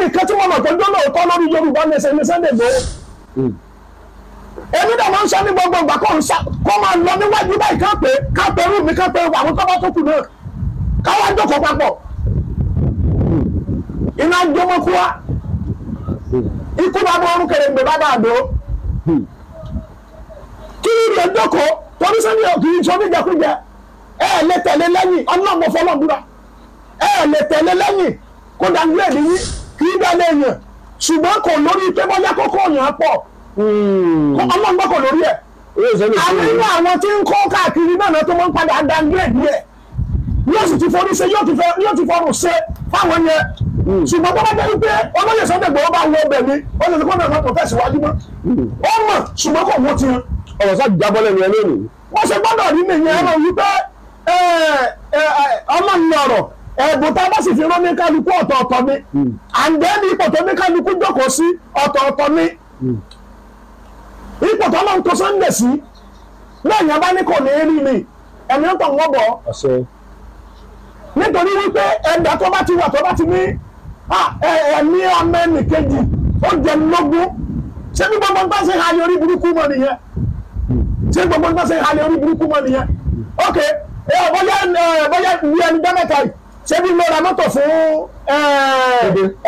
ẹnìkan tí mo mọ̀ pé jọ́nà òkọ́ lórí Yorùbá nation ní Sunday Igboho hmm. èmi dẹ̀ máa ń sọ ní gbogbo ìgbà kó máa lọ níwájú báyìí ká pé rú mi ká pé àwọn tó tó kù náà ká jókòó papọ̀ iná jómọ́kú wa hmm. ikú bá bọ́ ọrùn kẹrẹ gbé bá dàdó hmm. kí ni ìrìn jókòó torí sẹ́ni kì níjàkújẹ ẹ lè tẹ̀lé lẹ́yìn ọlọ́mọ fọlọ́dúnra ẹ lè tẹ̀lé lẹ́yìn kó dàgbé ẹ̀dínwí kì í dalẹ̀ èèyàn ṣùgbọ́n kò lórí pé bóyá kókó èèyàn á pọ̀ hmm. ọlọ́run bá kò lórí ẹ̀ àwọn inú àwọn tí ń kọ́ káàkiri náà tó máa ń padà downgrade yẹ yóò sì ti forí ṣe yóò ti fọrùn ṣe fáwọn yẹn hmm. ṣùgbọ́n tó bá jẹ́ wípé olóyè Sunday Igboho bá wọ ọbẹ̀ ni ó lè kó náà kò tẹ̀síwájú mọ́ hmm. ó mọ̀ ṣùgbọ́n kò wọ́n ti hàn. ọ̀rọ̀ sá jábọ́ lẹ́nu ẹ wọ́n ṣe gbọ́dọ̀ rí mi yẹn ẹ̀rọ wípé ọmọ ìyọ̀rọ̀ ẹ̀bùn tá a bá sì fi rán ní kálukú ọ̀tọ̀ọ̀tọ̀ ni àǹdẹ́ni hmm. ipò tó ní kálukú jókòó sí ọ̀tọ̀ọ̀tọ̀ ni hmm. ipò tó lọ́n kó Sunday sí bẹ́ẹ̀ yẹn bá ní kò ní rí mi ẹ̀mí ń tàn wọ́n bọ̀ nítorí wípé ẹ̀dá tó bá ti wà tó bá ti ní ẹ̀mí ọmọ ẹnì kejì ó jẹ lógún ṣé ní gbogbo nǹkan ṣe halẹ̀ orí burúkú mọ́ nìyẹn hmm. ṣé gbogbo nǹkan ṣe halẹ̀ orí burúkú mọ́ nìyẹn ok bóyá bóyá ìlú ẹni gbẹ́mẹ̀ta yìí ṣé bí mo ra mọ́tò fún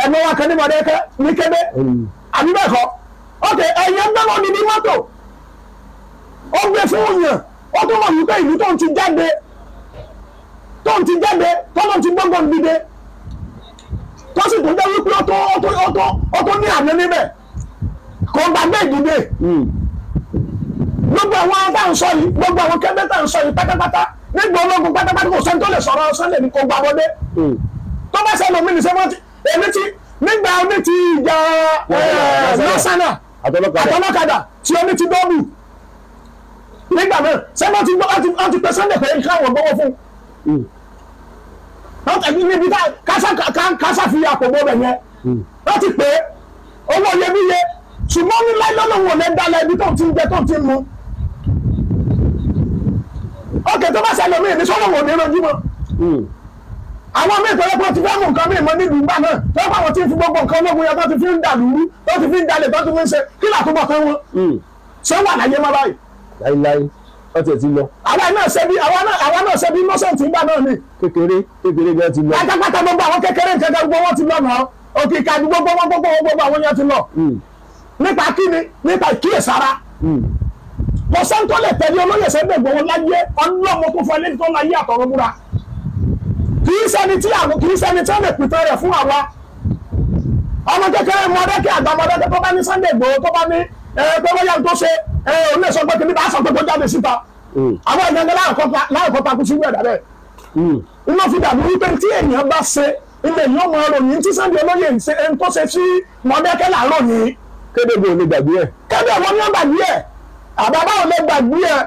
ẹ̀mọ́ wa kan ní mọ̀dẹ́kẹ́ ní kébé hmm. àbí bẹ́ẹ̀ kọ́ ok ẹ̀yẹ gbẹ́mọ̀ mi ní mọ́tò ó gbé fún yàn ó tún mọ̀ wípé ìlú tó ń ti jáde tó ń ti jáde tó ń ti gbọ́ngbọ́n dìde tó sì tún jẹ́ wípé ó tó ní àná níbẹ̀ kò gbàgbé ìdìde hmm. gbogbo àwọn tá à ń sọ yìí gbogbo àwọn kébé tá à ń sọ yìí pátápátá nígbà ológun pátápátá kò sẹ́ni tó lè sọ̀rọ̀ Sunday ní kó gbà wọlé hmm. tó bá sẹ́ni omi ní sẹ́fọ́tì èmi ti nígbà omi ti ìjà eh, lọ́sánà àtọlọ́kadà tí omi ti dọ́bù nígbà náà sẹ́fọ́tì gbọ́ wọ́n ti pe Sunday pé káwọn gbọ́wọ́ fún hmm. níbi kásá fi àpò gbọ́ yẹn hmm. wọ́n ti pé owó yẹmíye ṣùgbọ́n ní láìlọ́lọ́wọ́ lẹ́ ibi tó ti ń jẹ tó ti ń mu tó bá ṣẹlẹ̀ mí ní sọ́wọ́ òní ránjú mọ́. Hmm. àwọn míì tó lọ́pọ̀ ti fẹ́ mú nǹkan míì mọ́ nílùú gbà náà tó lọ́pọ̀ àwọn tí ń fi gbogbo nǹkan ológun yẹn tó ti fi ń dà lúrú tó ti fi ń dalẹ̀ tó ti fi ń ṣe kí là tó bọ̀ tán wọn. Hmm. ṣé wà láyé má báyìí. láíláí wọ́n tiẹ̀ ti lọ. àwa náà ṣe bí àwa náà ṣe bí mọ́sẹ̀ntì gbà náà ni. kékeré kékeré gan ti lọ. pátápátá gbogbo àwọn kékeré nǹkan gbogbo wọn ti lọ náà òkìkà gbogbo wọn gbogbo wọn gbogbo àwọn yẹn ti lọ. Hmm. nípa kíni nípa ìkíyèsára kò sẹ́ńtọ́ lè tẹ̀lé olóyè Sunday Igboho láyé ọlọ́mọ tó fọ eléyìí tó láyé àtọ̀rọ̀ múra kì í ṣẹni tí àwọn kì í ṣẹni tí wọ́n lè pìtàn rẹ̀ fún àwa ọmọ kékeré mọ̀ọ́dẹ́kẹ́ àgbà mọ̀ọ́dẹ́kẹ́ tó bá ní Sunday Igboho tó bá ní pé wọ́n yá tó ṣe olóyè sọ pé kìnnìkan aṣọ gbogbo jáde síta àwọn ìgbàgbọ́ láàkọ́ takú sí wíwẹ̀ dàbẹ́ iná fi dàbí wípé tí èèyàn bá ṣe ilé yóò mọ ròyìn tí Sunday olóyè ń tó ṣe sí mọ̀ọ́dẹ́kẹ́ làárọ̀ yìí. kéde bí omi gbàgbé wọn ní gbàgbé ẹ. Ah, àbábá ò lè gbàgbé ẹ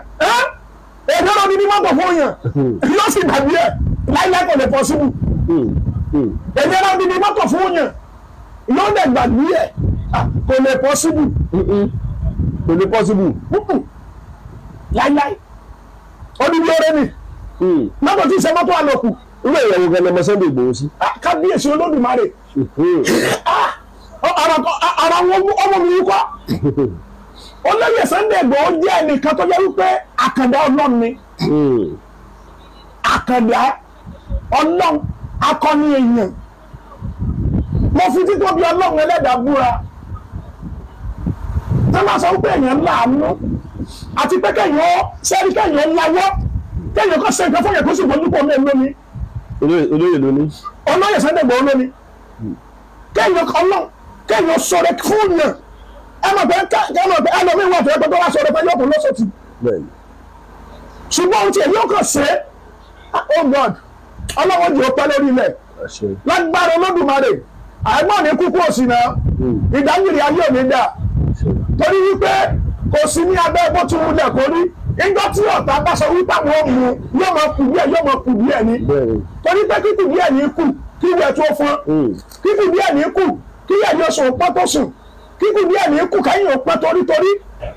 èdè ọ̀rọ̀ mi ní mọ́tò fún yàn hmm. yóò sì gbàgbé ẹ láíláí kò lè pọ̀sibú èdè ọ̀rọ̀ mi ní mọ́tò fún yàn yóò lè gbàgbé ẹ ah, kò lè pọ̀sibú hmm, hmm. kò lè pọ̀sibú láíláí ó ní bí ọ̀rẹ́ mi mọ́tò tí ì ṣe ilé ìyàwó gan lọmọ Sunday Igboho sí. Ah, kábíyèsí olódùmarè ara wọn ọmọ mi kọ́. olóyè Sunday Igboho jẹ́ ẹnìkan tó jẹ́ wípé àkàndá ọlọ́run ni hmm. àkàndá ọlọ́run akọni èèyàn mo fi títóbi ọlọ́run ẹlẹ́dàá búra tá máa sọ wípé èèyàn láàánú àti pé kéèyàn sẹ́ni kéèyàn láwọ́ kéèyàn kọ́ sẹ́ni kan fún èèyàn kó sì bójú pọ̀ mẹ́rin lómi. olóyè lóní. olóyè Sunday Igboho lóní kéèyàn kọ́ náà kéèyàn sọ̀rọ̀ fún yàn ẹ mọ̀ pé ẹ mọ̀ pé ẹlòmíín wà tó yẹ pé tó bá sọ̀rọ̀ pé yóò kún lọ́sọ̀tì ṣùgbọ́n ohun tí èmi ò kàn ṣe ah, oh God ọlọ́wọ́ jù ó pẹ́ lórí ilẹ̀ lágbára olódùmarè àìmọ̀ ní kúkú òsì náà hmm. ìdájìrì ayé òní dà torí wípé kò sí ní abẹ́ bó tún wulẹ̀ kó rí ìjọ tí ọ̀tá bá sọ wípé àwọn mú yóò máa kù díẹ̀ yóò máa kù díẹ̀ ní torí pé kíkù díẹ̀ ní kù kí ìwẹ̀ tó fọ́n hmm. kíkù díẹ̀ ní kù kí ìyẹ̀ yóò sùn pọ́tò sùn kíkú bí ẹ̀mí kú kẹ́yìn òpin torítorí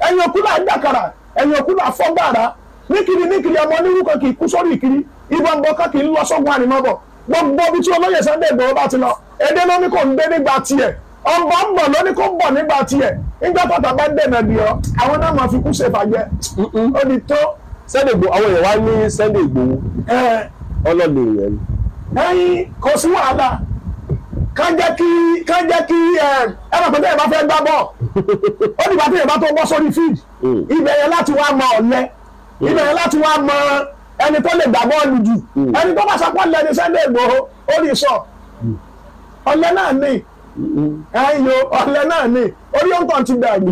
ẹ̀yìn òkú là ń dàkàrà ẹ̀yìn òkú n'ikiri fọ́gbàrà níkiri níkiri ọmọ onírúkọ kì í kú sórí ìkiri ìbọn bọ kọ́ kì lọ sọ́gun ànímọ́bọ̀ gbogbo ibi tí olóyè Sunday Igboho bá ti lọ èdè ló ní kò ń dé nígbà tiẹ̀ ọmọ ń bọ̀ ló àwọn Sunday àwọn èèyàn wá ní Sunday ẹyin kò sí kán jẹ́ kí kán jẹ́ kí ẹ mọ̀ pé bẹ́ẹ̀ bá fẹ́ gbá bọ̀ ó dìgbà tí èèyàn bá tó bọ́ sórí field hmm. ibẹ̀ yẹn láti wá mọ ọ̀lẹ hmm. ibẹ̀ yẹn láti wá mọ ẹni tó lè gbà bọ́ọ̀lù jù hmm. ẹni tó bá sapọ́ lẹni Sunday Igboho ó lè sọ ọ̀lẹ náà ni ẹyọ ọ̀lẹ náà ni orí òǹtọ̀ ti dàrú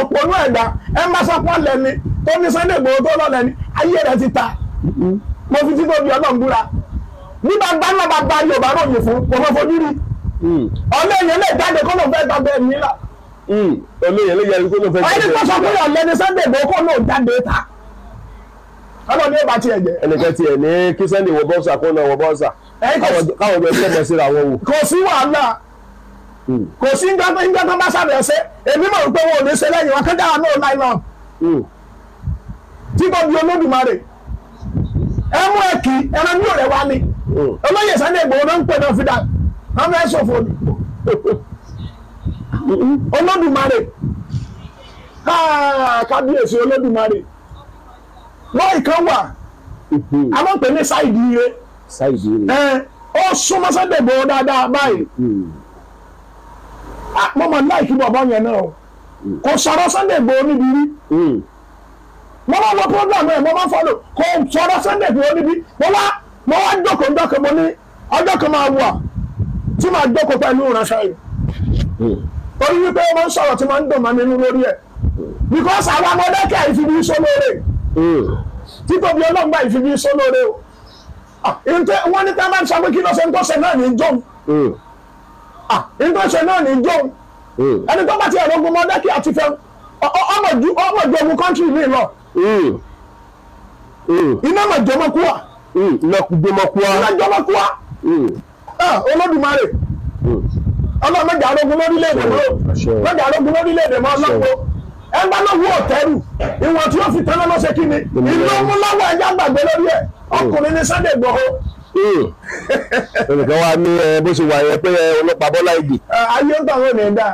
òpònú ẹ̀dá ẹ má sapọ́ lẹni tó ní Sunday Igboho tó lọ lẹni ayé rẹ ti ta mo fi títọ́ bí ọlọ́ngbúra ní bàbá náà bàbá yorùbá ròyìn fún kò mọ fojú rí hmm. ọlẹ́yìn lè jáde kó ló fẹ́ gbàgbé ẹ̀mí là. Hmm. ọlẹ́yìn lè jáde kó ló fẹ́ gbàgbé ẹ̀mí là. ẹni tó sọ pé ọ̀lẹ́ni Sunday Igboho kó ló jáde ta kọ́lọ́ ní ìbá tiẹ̀ jẹ́. ẹnìkan tiẹ̀ ní kí Sunday wọ bọ́ọ̀sà kó náà wọ bọ́ọ̀sà káwọn ọmọ ẹgbẹ́ síra wọn wò. kò sí wàhálà hmm. kò sí njẹ́ tó bá sábẹ̀ ṣe èmi mọ̀ pé wọn ò ní ṣe lẹ́yìn wọn kẹ́dá ní olóyè Sunday Igboho náà ń pè náà fìdá wọn fẹ́ ṣòfò ni olódùmarè kábíyèsí olódùmarè lọ́ọ̀ì kan wà àwọn pè ní ṣáìdì ire ó súnmọ́ Sunday Igboho dáadáa báyìí hmm. mo mọ̀ láìkí bàbá yẹn náà hmm. kò sọ̀rọ̀ Sunday Igboho níbi rí hmm. mo máa wọ program ẹ̀ mo máa follow kò sọ̀rọ̀ Sunday Igboho níbi mo wá mo wá jókòó dọ́kẹ́ mo ní ọjọ́ kan máa wà tí màá jókòó pẹ̀lú ìránṣẹ́ yìí hmm. orí wípé ó máa ń sọ̀rọ̀ tí máa ń dùn mọ́ mi nínú lórí ẹ̀ because àwọn amọ̀dẹ́kẹ́ ìfibí sólóore hmm. títóbi ọlọ́gbà ìfibí sólóore o ah, wọ́n ní táwọn sọ pé kí ló ṣe ń tọ́sẹ̀ náà ní jọ́n ń tọ́sẹ̀ náà ní jọ́n hmm. ẹni tó bá ti ẹ̀rọ ogun mọ́dẹ́kẹ́ àti fẹ́ ọmọ ju ogun kọ́ńtì mi lọ iná mọ̀jọ́mọ́kú wà. Hmm. lọkùgbémọkùá lọjọmọkùá hmm. ah, olódùmarè hmm. ọlọmọdé arógun lórílẹ̀-èdè mọ́ lọdẹ arógun lórílẹ̀-èdè mọ́ lọpọ ẹgbẹ́ náà wú ọtẹrù ìwọn tí wọn fi tẹná lọ ṣe kí ni ìlú ọmúláwọ ẹjá gbàgbé lórí ẹ ọkùnrin ní Sunday Igboho Hmm. ẹnìkan wá ní eh, bó ṣe wà yẹn pé eh, ọlọ́pàá Bọ́lá Ìgè. Ah, ayé ń tàwọn ènìyàn dà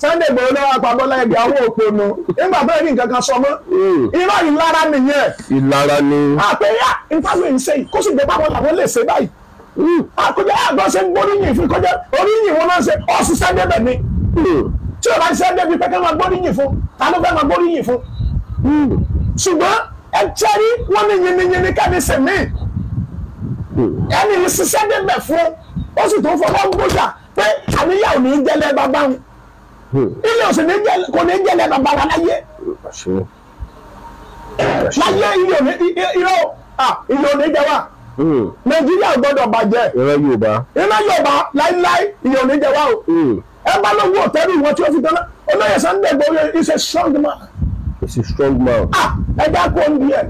Sunday Igboho lọ́wọ́ pa Bọ́lá Ìgè àwọn òponu nígbà bẹ́ẹ̀ ní nǹkan kan sọ mọ́ hmm. irọ́ ìlara nìyẹn. ìlara ni. àpẹẹrẹ ìtàwé ń ṣe kó sì gbé pápọ̀ làwọn lè ṣe báyìí. Hmm. àkójọ àgbọ̀ ṣe ń gbóríyìn fún kọjá oríyìn wọn náà ṣe ọ̀sùn Sunday bẹ̀ ni. tí o bá ṣe Sunday bíi pé máa gbóríyìn fún ta ló fẹ́ máa ẹni sísẹ́ débẹ̀ fún ó sì tó fọwọ́ gbọ́dà pé àníyá ò ní jẹ́lẹ̀ bàbá wọn ilé òsì kò ní jẹ́lẹ̀ bàbá wọn láyé láyé ilé òní ilé ilé òní jẹ́ wà hmm. nàìjíríà gbọ́dọ̀ bàjẹ́ iná yorùbá iná yorùbá láíláí ilé òní jẹ́ wà o hmm. ẹ bá lówó ọ̀tẹ́rù wọn tí ó fi dáná olóyè Sunday Igboho is a strong man. he's a strong man. ah ẹ dákun ọ̀nbí ẹ̀.